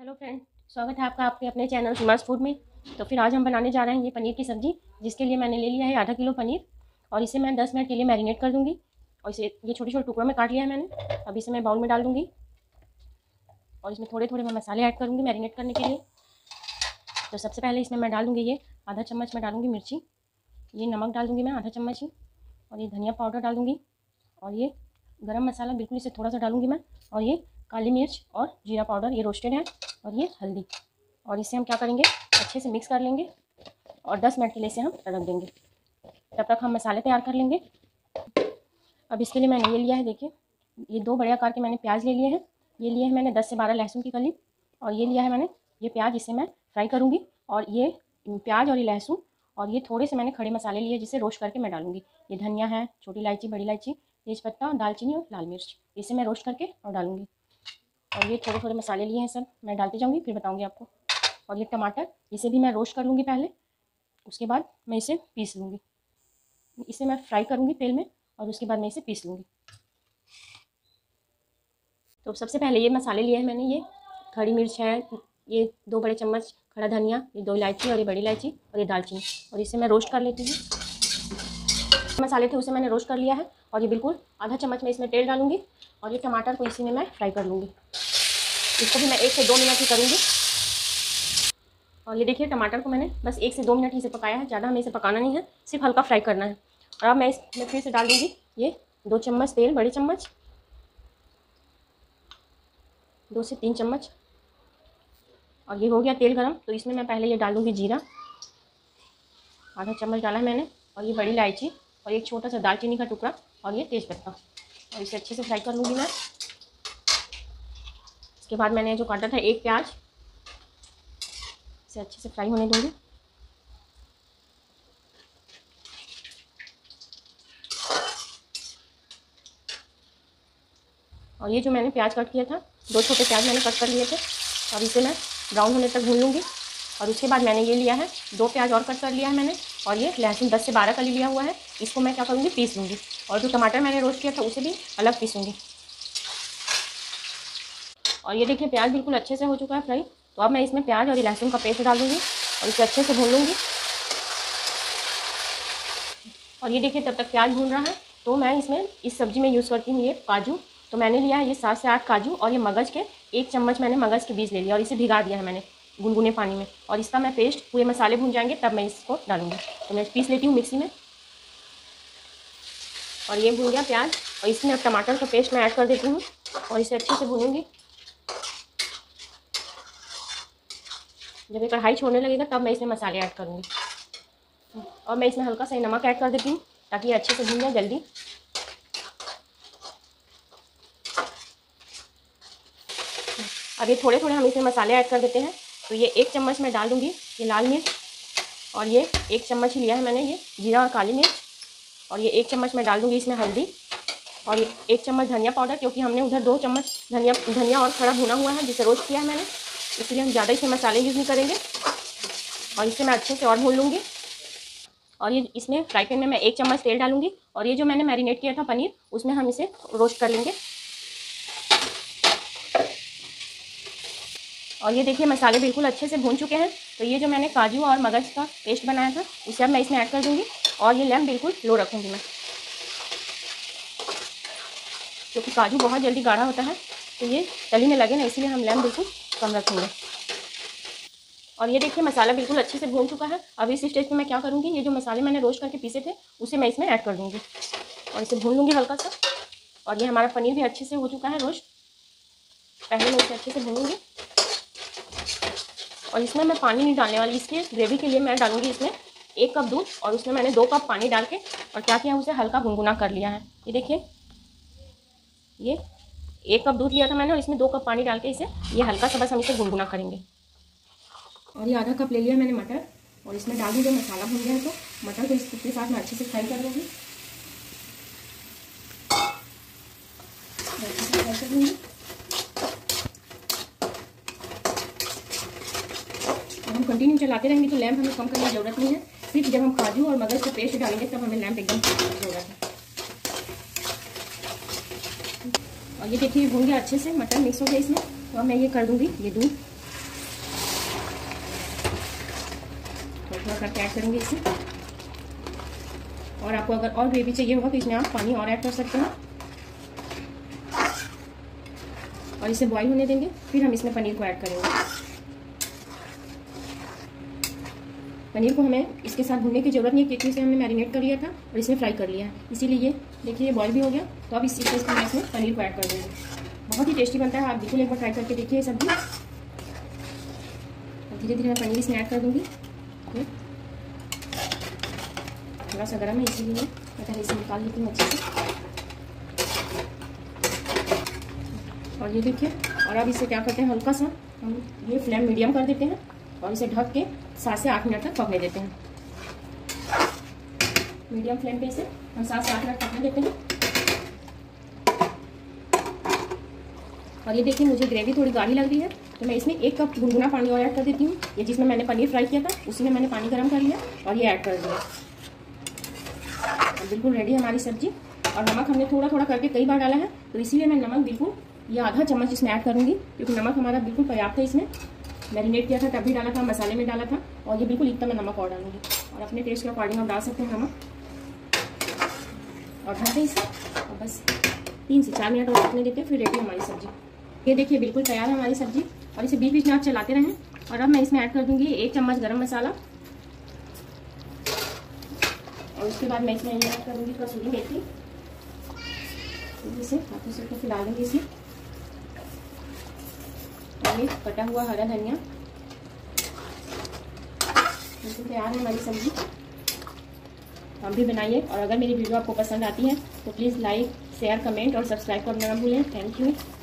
hello friend स्वागत है आपका आपके अपने चैनल सुमास फूड में तो फिर आज हम बनाने जा रहे हैं ये पनीर की सब्ज़ी जिसके लिए मैंने ले लिया है आधा किलो पनीर और इसे मैं दस मिनट के लिए मैरिनेट कर दूँगी और इसे ये छोटे छोटे टुकड़ों में काट लिया है मैंने अब इसे मैं बाउल में डाल दूँगी और इसमें थोड़े थोड़े मैं मसाले ऐड करूँगी मैरिनेट करने के लिए तो सबसे पहले इसमें मैं डालूँगी ये आधा चम्मच मैं डालूँगी मिर्ची ये नमक डाल दूँगी मैं आधा चम्मच ही और ये धनिया पाउडर डालूँगी और ये गर्म मसाला बिल्कुल इसे थोड़ा सा डालूँगी मैं और ये काली मिर्च और जीरा पाउडर ये रोस्टेड है और ये हल्दी और इसे हम क्या करेंगे अच्छे से मिक्स कर लेंगे और 10 मिनट के लिए इसे हम रख देंगे तब तक हम मसाले तैयार कर लेंगे अब इसके लिए मैंने ये लिया है देखिए ये दो बड़े आकार के मैंने प्याज ले लिए हैं ये लिए है मैंने दस से बारह लहसुन की कली और ये लिया है मैंने ये प्याज इसे मैं फ्राई करूँगी और ये प्याज और ये लहसुन और ये थोड़े से मैंने खड़े मसाले लिए जिसे रोस्ट करके मैं डालूंगी ये धनिया है छोटी इलायची बड़ी इलायची तेज़पत्ता दालचीनी और लाल मिर्च इसे मैं रोस्ट करके और डालूंगी और ये थोड़े थोड़े मसाले लिए हैं सर मैं डालती जाऊँगी फिर बताऊँगी आपको और ये टमाटर इसे भी मैं रोस्ट कर लूँगी पहले उसके बाद मैं इसे पीस लूँगी इसे मैं फ्राई करूँगी तेल में और उसके बाद मैं इसे पीस लूँगी तो सबसे पहले ये मसाले लिए हैं मैंने ये खड़ी मिर्च है ये दो बड़े चम्मच खड़ा धनिया ये दो इलायची और ये बड़ी इलायची और ये दालचीनी और इसे मैं रोस्ट कर लेती हूँ मसाले थे उसे मैंने रोस्ट कर लिया है और ये बिल्कुल आधा चम्मच मैं इसमें तेल डालूंगी और ये टमाटर को इसी में मैं फ्राई कर लूँगी इसको भी मैं एक से दो मिनट ही करूँगी और ये देखिए टमाटर को मैंने बस एक से दो मिनट ही इसे पकाया है ज़्यादा हमें इसे पकाना नहीं है सिर्फ हल्का फ्राई करना है और अब मैं इसमें फिर से डाल दूँगी ये दो चम्मच तेल बड़े चम्मच दो से तीन चम्मच और ये हो गया तेल गरम तो इसमें मैं पहले ये डाल दूँगी जीरा आधा चम्मच डाला है मैंने और ये बड़ी इलायची और एक छोटा सा दालचीनी का टुकड़ा और ये तेज़पत्ता और इसे अच्छे से फ्राई कर लूँगी मैं उसके बाद मैंने जो काटा था एक प्याज इसे अच्छे से फ्राई होने दूँगी और ये जो मैंने प्याज कट किया था दो छोटे प्याज मैंने कट कर लिए थे और इसे मैं ब्राउन होने तक भून लूँगी और उसके बाद मैंने ये लिया है दो प्याज और कट कर लिया है मैंने और ये लहसुन दस से बारह कली लिया हुआ है इसको मैं क्या करूँगी पीस लूँगी और जो टमाटर मैंने रोस्ट किया था उसे भी अलग पीसूँगी और ये देखिए प्याज बिल्कुल अच्छे से हो चुका है फ्राई तो अब मैं इसमें प्याज और लहसुन का पेस्ट डाल दूँगी और इसे अच्छे से भून लूँगी और ये देखिए तब तक प्याज भून रहा है तो मैं इसमें इस सब्ज़ी में यूज़ करती हूँ ये काजू तो मैंने लिया है ये सात से आठ काजू और ये मगज़ के एक चम्मच मैंने मगज़ के बीज ले लिया और इसे भिगा दिया है मैंने गुनगुने पानी में और इसका मैं पेस्ट पूरे मसाले भून जाएंगे तब मैं इसको डालूंगी तो मैं पीस लेती हूँ मिक्सी में और ये भून गया प्याज और इसमें अब टमाटर का पेस्ट मैं ऐड कर देती हूँ और इसे अच्छे से भूनूंगी जब ये कढ़ाई छोड़ने लगेगा तब मैं इसमें मसाले ऐड करूँगी और मैं इसमें हल्का सा नमक ऐड कर देती हूँ ताकि ये अच्छे से भून जाए जल्दी अब ये थोड़े थोड़े हम इसमें मसाले ऐड कर देते हैं तो ये एक चम्मच मैं डाल दूँगी ये लाल मिर्च और ये एक चम्मच ही लिया है मैंने ये जीरा और काली मिर्च और ये एक चम्मच मैं डाल दूँगी इसमें हल्दी और ये एक चम्मच धनिया पाउडर क्योंकि हमने उधर दो चम्मच धनिया धनिया और खड़ा भुना हुआ है जिसे रोस्ट किया है मैंने इसलिए हम ज़्यादा इसमें मसाले यूज़ नहीं करेंगे और इसे मैं अच्छे से और भून लूँगी और ये इसमें फ्राई पैन में मैं एक चम्मच तेल डालूंगी और ये जो मैंने मैरिनेट किया था पनीर उसमें हम इसे रोस्ट कर लेंगे और ये देखिए मसाले बिल्कुल अच्छे से भून चुके हैं तो ये जो मैंने काजू और मगज का पेस्ट बनाया था उसे अब मैं इसमें ऐड कर दूंगी और ये लैम बिल्कुल लो रखूँगी मैं क्योंकि काजू बहुत जल्दी गाढ़ा होता है तो ये तली में लगे ना इसीलिए हम लैम बिल्कुल कम रखेंगे और ये देखिए मसाला बिल्कुल अच्छे से भून चुका है अब इस स्टेज पे मैं क्या करूँगी ये जो मसाले मैंने रोस्ट करके पीसे थे उसे मैं इसमें ऐड कर दूँगी और इसे भून लूँगी हल्का सा और ये हमारा पनीर भी अच्छे से हो चुका है रोस्ट पहले मैं इसे अच्छे से भूनूँगी और इसमें मैं पानी नहीं डालने वाली इसके ग्रेवी के लिए मैं डालूँगी इसमें एक कप दूध और उसमें मैंने दो कप पानी डाल के और क्या किया उसे हल्का गुनगुना कर लिया है ये देखिए ये एक कप दूध लिया था मैंने और इसमें दो कप पानी डाल के इसे ये हल्का सा बस हम इसे गुनगुना करेंगे और ये आधा कप ले लिया मैंने मटर और इसमें डाल दीजिए मसाला भून गया तो मटर को इसके साथ मैं अच्छे से फ्राई कर लूँगी हम कंटिन्यू चलाते रहेंगे तो लैम्प हमें कम करने की ज़रूरत नहीं है सिर्फ जब हम काजू और मगज का पेस्ट डालेंगे तब हमें लैम्प एकदम ज़रूरत है और ये देखिए भूंगे गया अच्छे से मटन मिक्स हो गया इसमें तो मैं ये कर दूँगी ये दूध तो थोड़ा थोड़ा करके ऐड करेंगे इसे और आपको अगर और ग्रेवी चाहिए होगा तो इसमें आप पानी और ऐड कर सकते हैं और इसे बॉईल होने देंगे फिर हम इसमें पनीर को ऐड करेंगे पनीर को हमें इसके साथ भूनने की जरूरत नहीं है क्योंकि इसे हमने मैरिनेट कर लिया था और इसमें फ्राई कर लिया है इसीलिए देखिए ये बॉयल भी हो गया तो अब इस चीज़ को हम इसमें पनीर को ऐड कर देंगे बहुत ही टेस्टी बनता है आप बिल्कुल एक बार ट्राई करके देखिए सब्जी धीरे धीरे मैं पनीर इसमें ऐड कर दूँगी थोड़ा सा गर्म है इसीलिए मैं पहले इसे निकाल लेती हूँ अच्छे से और ये देखिए और अब इसे क्या करते हैं हल्का सा हम ये फ्लेम मीडियम कर देते हैं और इसे ढक के सात से आठ मिनट तक पकने देते हैं मीडियम फ्लेम पे इसे हम सात से आठ मिनट पकने देते हैं और ये देखिए मुझे ग्रेवी थोड़ी गाढ़ी लग रही है तो मैं इसमें एक कप गुनगुना पानी और ऐड कर देती हूँ ये जिसमें मैंने पनीर फ्राई किया था उसी में मैंने पानी गर्म कर लिया और ये ऐड कर दिया बिल्कुल रेडी है हमारी सब्जी और नमक हमने थोड़ा थोड़ा करके कई बार डाला है तो इसीलिए मैं नमक बिल्कुल ये आधा चम्मच इसमें ऐड करूँगी क्योंकि नमक हमारा बिल्कुल पर्याप्त है इसमें मैरिनेट किया था तभी डाला था मसाले में डाला था और ये बिल्कुल इतना मैं नमक और डालूंगी और अपने टेस्ट के अकॉर्डिंग आप डाल सकते हैं नमक और ढक दें इसे और बस तीन से चार मिनट और रखने देते हैं फिर रेडी हमारी सब्जी ये देखिए बिल्कुल तैयार है हमारी सब्जी और इसे बीच बीच में आप चलाते रहें और अब मैं इसमें ऐड कर दूँगी एक चम्मच गर्म मसाला और उसके बाद मैं इसमें ऐड करूँगी कसूरी मेथी इसे हाथों से फिर डालेंगे इसे डालें कटा हुआ हरा धनिया तैयार है हमारी सब्जी आप भी बनाइए और अगर मेरी वीडियो आपको पसंद आती है तो प्लीज़ लाइक शेयर कमेंट और सब्सक्राइब करना ना भूलें थैंक यू